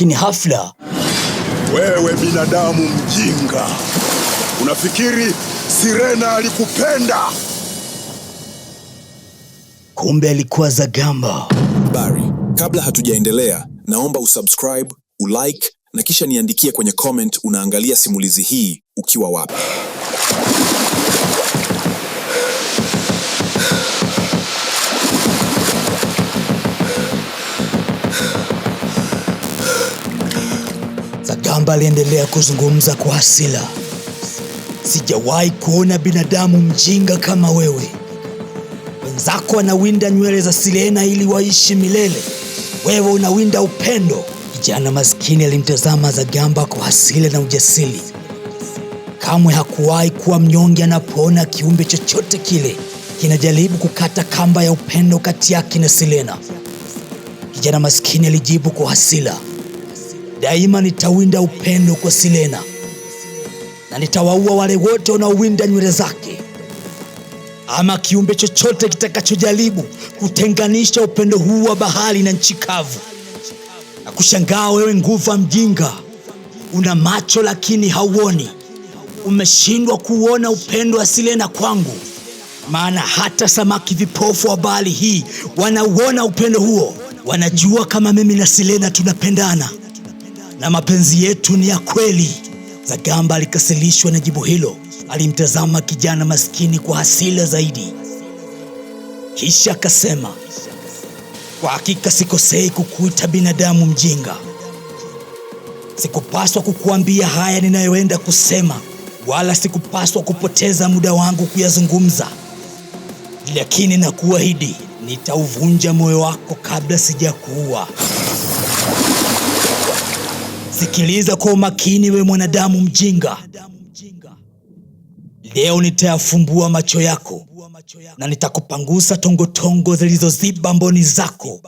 lakini hafla, wewe binadamu mjinga, unafikiri Sirena alikupenda? Kumbe alikuwa gamba. Bari, kabla hatujaendelea, naomba usubscribe, ulike na kisha niandikie kwenye comment unaangalia simulizi hii ukiwa wapi. Simba aliendelea kuzungumza kwa hasira. Sijawahi kuona binadamu mjinga kama wewe. Wenzako wanawinda nywele za Sirena ili waishi milele, wewe unawinda upendo. Kijana maskini alimtazama Zagamba kwa hasira na ujasiri. Kamwe hakuwahi kuwa mnyonge anapoona kiumbe chochote kile kinajaribu kukata kamba ya upendo kati yake na Sirena. Kijana maskini alijibu kwa hasira. Daima nitawinda upendo kwa Silena na nitawaua wale wote wanaowinda nywele zake, ama kiumbe chochote kitakachojaribu kutenganisha upendo huu wa bahari na nchi kavu. Na kushangaa wewe, nguva mjinga, una macho lakini hauoni, umeshindwa kuona upendo wa Silena kwangu, maana hata samaki vipofu wa bahari hii wanauona upendo huo, wanajua kama mimi na Silena tunapendana na mapenzi yetu ni ya kweli. Zagamba alikasirishwa na jibu hilo, alimtazama kijana maskini kwa hasira zaidi, kisha akasema, kwa hakika sikosei kukuita binadamu mjinga. Sikupaswa kukuambia haya ninayoenda kusema, wala sikupaswa kupoteza muda wangu kuyazungumza, lakini nakuahidi nitauvunja moyo wako kabla sijakuua. Sikiliza kwa umakini, we mwanadamu mjinga. Leo nitayafumbua macho yako na nitakupangusa tongotongo zilizoziba mboni zako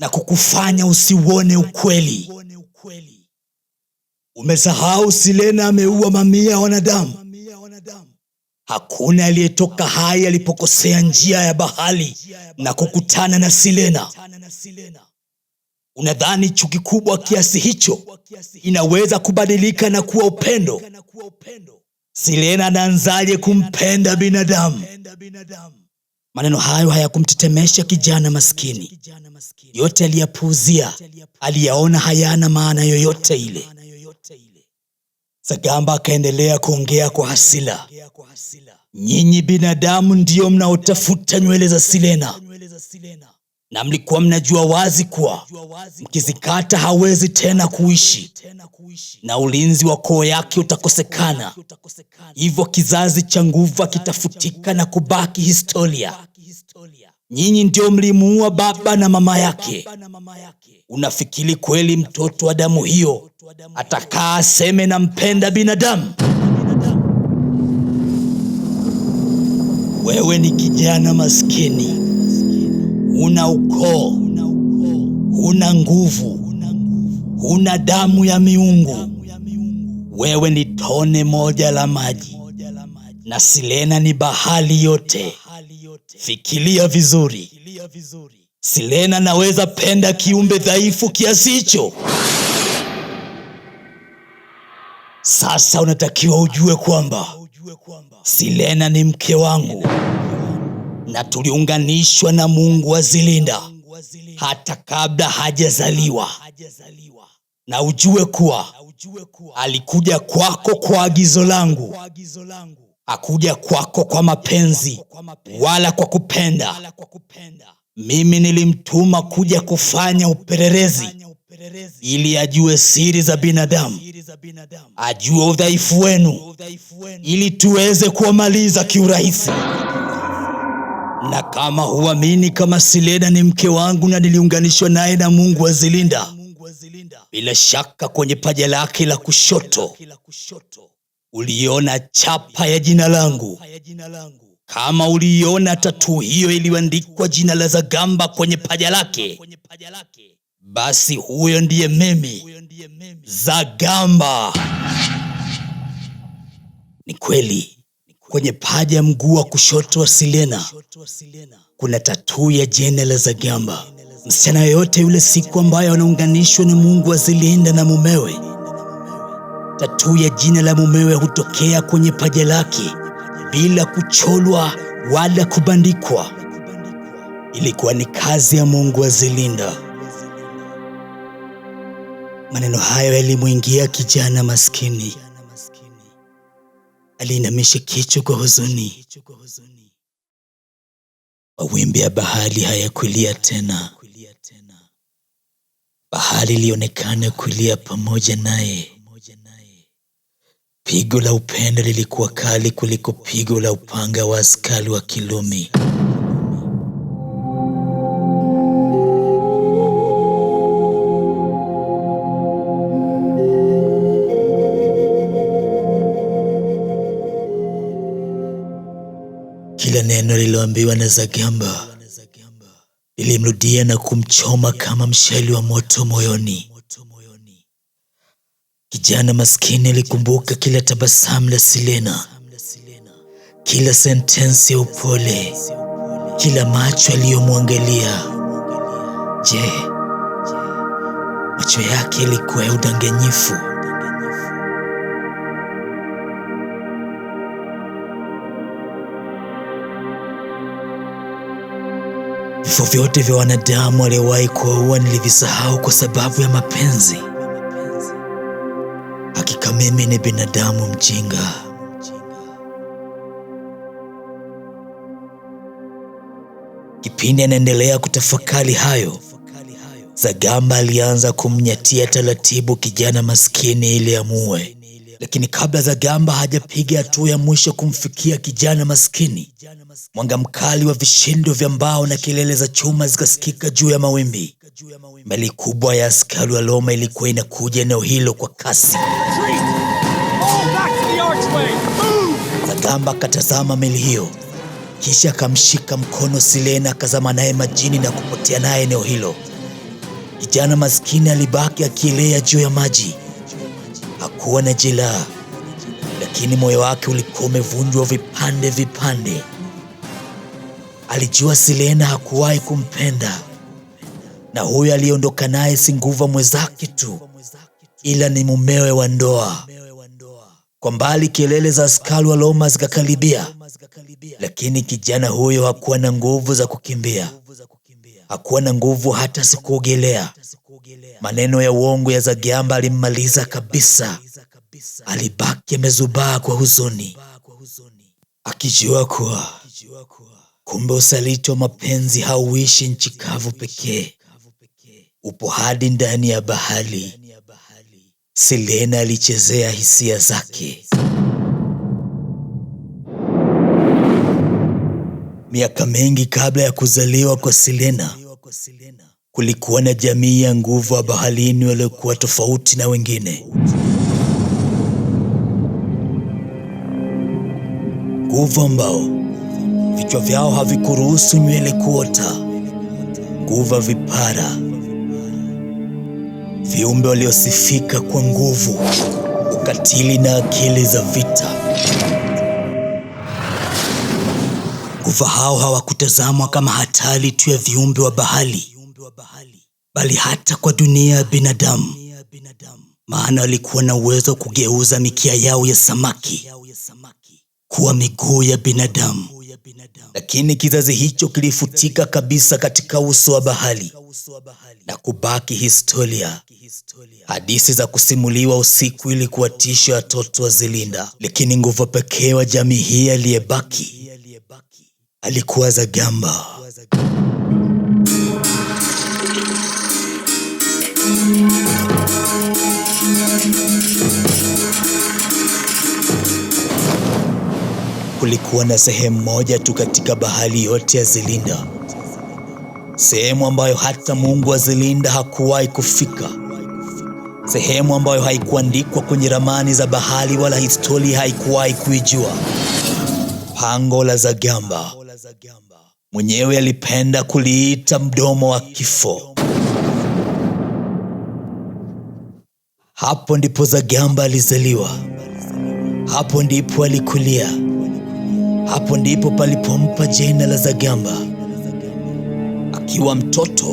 na kukufanya usiuone ukweli. Umesahau Sirena ameua mamia ya wanadamu. Hakuna aliyetoka hai alipokosea njia ya bahari na kukutana na Sirena. Unadhani chuki kubwa kiasi hicho inaweza kubadilika na kuwa upendo? Sirena anaanzaje kumpenda binadamu? Maneno hayo hayakumtetemesha kijana maskini. Yote aliyapuuzia, aliyaona hayana maana yoyote ile. Sagamba akaendelea kuongea kwa hasila, nyinyi binadamu ndiyo mnaotafuta nywele za Sirena na mlikuwa mnajua wazi kuwa mkizikata hawezi tena kuishi na ulinzi wa koo yake utakosekana, hivyo kizazi cha nguva kitafutika na kubaki historia. Nyinyi ndio mlimuua baba na mama yake. Unafikiri kweli mtoto wa damu hiyo atakaa aseme na mpenda binadamu? Wewe ni kijana maskini una ukoo, huna nguvu, huna damu ya miungu. Wewe ni tone moja la maji, na Sirena ni bahari yote. Fikiria vizuri, Sirena naweza penda kiumbe dhaifu kiasi hicho. Sasa unatakiwa ujue kwamba Sirena ni mke wangu na tuliunganishwa na Mungu azilinda hata kabla hajazaliwa, na ujue kuwa alikuja kwako kwa agizo langu, akuja kwako kwa mapenzi wala kwa kupenda. Mimi nilimtuma kuja kufanya upelelezi ili ajue siri za binadamu, ajue udhaifu wenu, ili tuweze kuwamaliza kiurahisi na kama huamini kama Sileda ni mke wangu na niliunganishwa naye na Mungu wa zilinda bila shaka kwenye paja lake la kushoto uliona chapa ya jina langu. Kama uliona tatu hiyo iliyoandikwa jina la Zagamba kwenye paja lake, basi huyo ndiye mimi Zagamba. Ni kweli Kwenye paja ya mguu wa kushoto wa Silena kuna tatuu ya jene la Zagamba. Msichana yoyote yule siku ambayo anaunganishwa na Mungu azilienda na mumewe, tatuu ya jina la mumewe hutokea kwenye paja lake bila kucholwa wala kubandikwa. Ilikuwa ni kazi ya Mungu azilinda. Maneno hayo yalimwingia kijana maskini aliinamisha kichwa kwa huzuni. Mawimbi ya bahari hayakulia tena, bahari ilionekana kulia pamoja naye. Pigo la upendo lilikuwa kali kuliko pigo la upanga wa askari wa Kirumi. Neno liloambiwa na Zagamba lilimrudia na kumchoma kama mshali wa moto moyoni. Kijana maskini alikumbuka kila tabasamu la Silena, kila sentensi ya upole, kila macho aliyomwangalia. Je, macho yake yalikuwa ya udanganyifu? Vifo vyote vya wanadamu aliyewahi kuwaua nilivisahau kwa sababu ya mapenzi. Hakika mimi ni binadamu mjinga. Kipindi anaendelea kutafakari hayo, Zagamba alianza kumnyatia taratibu kijana maskini ili amue. Lakini kabla Zagamba hajapiga hatua ya mwisho kumfikia kijana maskini, mwanga mkali wa vishindo vya mbao na kelele za chuma zikasikika juu ya mawimbi. Meli kubwa ya askari wa Roma ilikuwa inakuja eneo hilo kwa kasi. Zagamba akatazama meli hiyo, kisha akamshika mkono Silena, akazama naye majini na kupotea naye eneo hilo. Kijana maskini alibaki akielea juu ya maji hakuwa na jeraha, lakini moyo wake ulikuwa umevunjwa vipande vipande. Alijua Silena hakuwahi kumpenda na huyo aliyeondoka naye si nguva mwenzake tu, ila ni mumewe wa ndoa. Kwa mbali kelele za askari wa Roma zikakaribia, lakini kijana huyo hakuwa na nguvu za kukimbia hakuwa na nguvu hata sikuogelea. Maneno ya uongo ya Zagiamba alimmaliza kabisa. Alibaki amezubaa kwa huzuni, akijua kuwa kumbe usaliti wa mapenzi hauishi nchi kavu pekee, upo hadi ndani ya bahari. Silena alichezea hisia zake. Miaka mengi kabla ya kuzaliwa kwa Silena, kulikuwa na jamii ya nguvu wa baharini waliokuwa tofauti na wengine. Nguvu ambao vichwa vyao havikuruhusu nywele kuota, nguvu wa vipara, viumbe waliosifika kwa nguvu, ukatili na akili za vita. Neva hao hawakutazamwa kama hatari tu ya viumbe wa bahari, bali hata kwa dunia ya binadamu, maana walikuwa na uwezo wa kugeuza mikia yao ya samaki kuwa miguu ya binadamu. Lakini kizazi hicho kilifutika kabisa katika uso wa bahari na kubaki historia. Hadithi za kusimuliwa usiku ili kuwatisha watoto wa zilinda, lakini nguvu pekee wa jamii hii aliyebaki alikuwa za gamba kulikuwa na sehemu moja tu katika bahari yote ya Zilinda, sehemu ambayo hata Mungu wa Zilinda hakuwahi kufika, sehemu ambayo haikuandikwa kwenye ramani za bahari wala historia haikuwahi kuijua, pango la Zagamba mwenyewe alipenda kuliita mdomo wa kifo. Hapo ndipo Zagamba alizaliwa, hapo ndipo alikulia, hapo ndipo palipompa jina la Zagamba. Akiwa mtoto,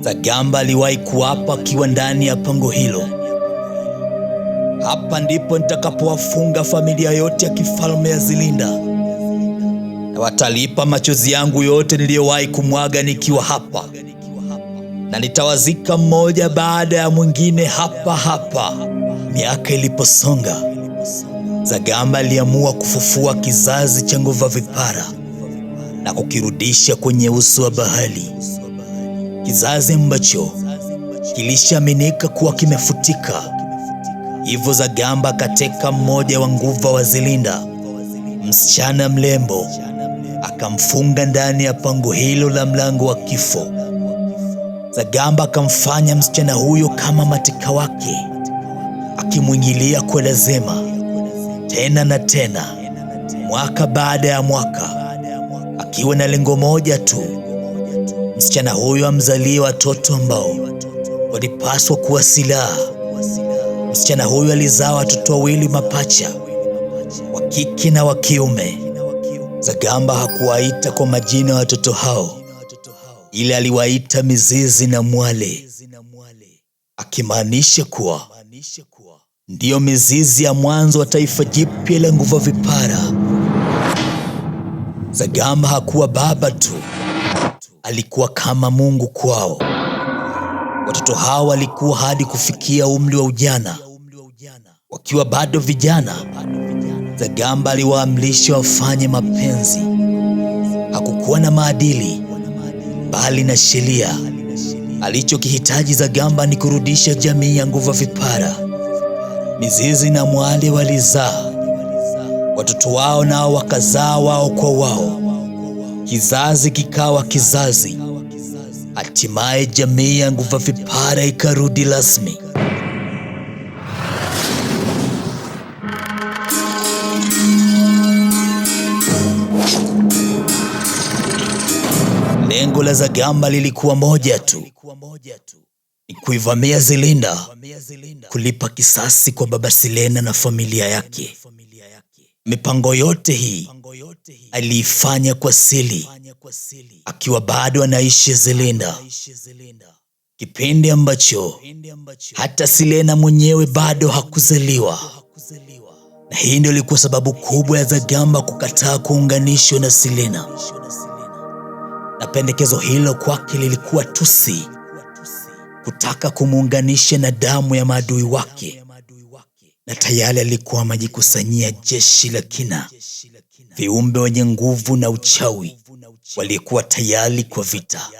Zagamba aliwahi kuapa akiwa ndani ya pango hilo, hapa ndipo nitakapowafunga familia yote ya kifalme ya Zilinda watalipa machozi yangu yote niliyowahi kumwaga nikiwa hapa, na nitawazika mmoja baada ya mwingine hapa hapa. Miaka iliposonga, Zagamba aliamua kufufua kizazi cha nguva vipara na kukirudisha kwenye uso wa bahari, kizazi ambacho kilishaaminika kuwa kimefutika. Hivyo Zagamba akateka mmoja wa nguva wa Zilinda, msichana mlembo akamfunga ndani ya pango hilo la mlango wa kifo. Zagamba akamfanya msichana huyo kama mateka wake, akimwingilia kwa lazima tena na tena, mwaka baada ya mwaka, akiwa na lengo moja tu: msichana huyo amzalie watoto ambao walipaswa kuwa silaha. Msichana huyo alizaa watoto wawili mapacha, wa kike na wa kiume. Sagamba hakuwaita kwa majina ya watoto hao, ila aliwaita mizizi na mwale, akimaanisha kuwa ndiyo mizizi ya mwanzo wa taifa jipya la nguva vipara. Sagamba hakuwa baba tu, alikuwa kama Mungu kwao. Watoto hao walikuwa hadi kufikia umri wa ujana, wakiwa bado vijana Zagamba aliwaamrisha wafanye mapenzi. Hakukuwa na maadili bali na sheria. Alichokihitaji Zagamba ni kurudisha jamii ya nguva vipara. Mizizi na Mwale walizaa watoto wao, nao wakazaa wao kwa wao, kizazi kikawa kizazi. Hatimaye jamii ya nguva vipara ikarudi rasmi. Lengo la Zagamba lilikuwa moja tu, ni kuivamia Zilinda, kulipa kisasi kwa baba Silena na familia yake. Mipango yote hii aliifanya kwa siri, akiwa bado anaishi Zilinda, kipindi ambacho hata Silena mwenyewe bado hakuzaliwa. Na hii ndio ilikuwa sababu kubwa ya Zagamba kukataa kuunganishwa na Silena na pendekezo hilo kwake lilikuwa tusi, kutaka kumuunganisha na damu ya maadui wake, na tayari alikuwa amejikusanyia jeshi la kina, viumbe wenye nguvu na uchawi walikuwa tayari kwa vita.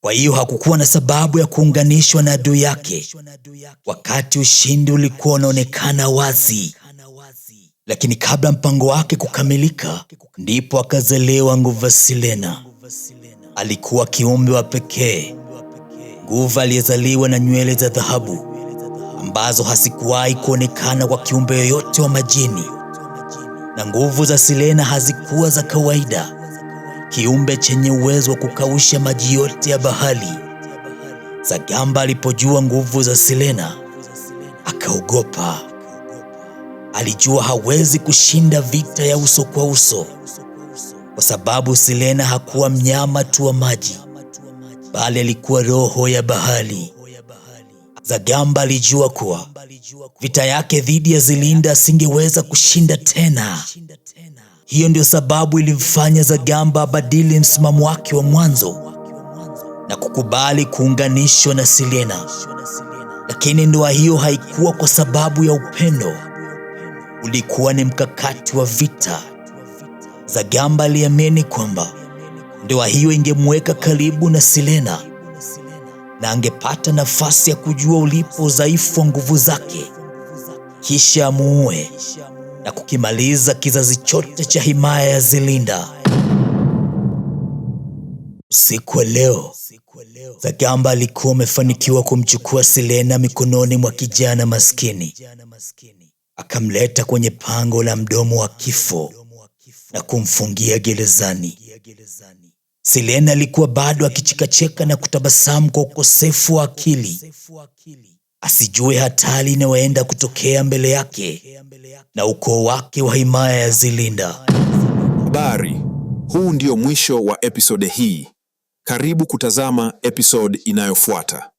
Kwa hiyo hakukuwa na sababu ya kuunganishwa na adui yake, wakati ushindi ulikuwa unaonekana wazi. Lakini kabla mpango wake kukamilika, ndipo akazelewa nguva Silena. Alikuwa kiumbe wa pekee, nguva aliyezaliwa na nywele za dhahabu ambazo hazikuwahi kuonekana kwa kiumbe yoyote wa majini, na nguvu za Silena hazikuwa za kawaida. Kiumbe chenye uwezo wa kukausha maji yote ya bahari. Zagamba alipojua nguvu za Silena akaogopa. Alijua hawezi kushinda vita ya uso kwa uso, kwa sababu Silena hakuwa mnyama tu wa maji, bali alikuwa roho ya bahari. Zagamba alijua kuwa vita yake dhidi ya Zilinda asingeweza kushinda tena. Hiyo ndio sababu ilimfanya Zagamba abadili msimamo wake wa mwanzo na kukubali kuunganishwa na Silena. Lakini ndoa hiyo haikuwa kwa sababu ya upendo, ulikuwa ni mkakati wa vita Zagamba aliamini kwamba ndoa hiyo ingemweka karibu na silena na angepata nafasi ya kujua ulipo udhaifu wa nguvu zake, kisha amuue na kukimaliza kizazi chote cha himaya ya Zelinda. Usiku wa leo Zagamba alikuwa amefanikiwa kumchukua Selena mikononi mwa kijana maskini, akamleta kwenye pango la mdomo wa kifo na kumfungia gerezani. Silena alikuwa bado akichekacheka na kutabasamu kwa ukosefu wa akili, asijue hatari inayoenda kutokea mbele yake na ukoo wake wa himaya ya Zilinda. Habari, huu ndio mwisho wa episode hii. Karibu kutazama episode inayofuata.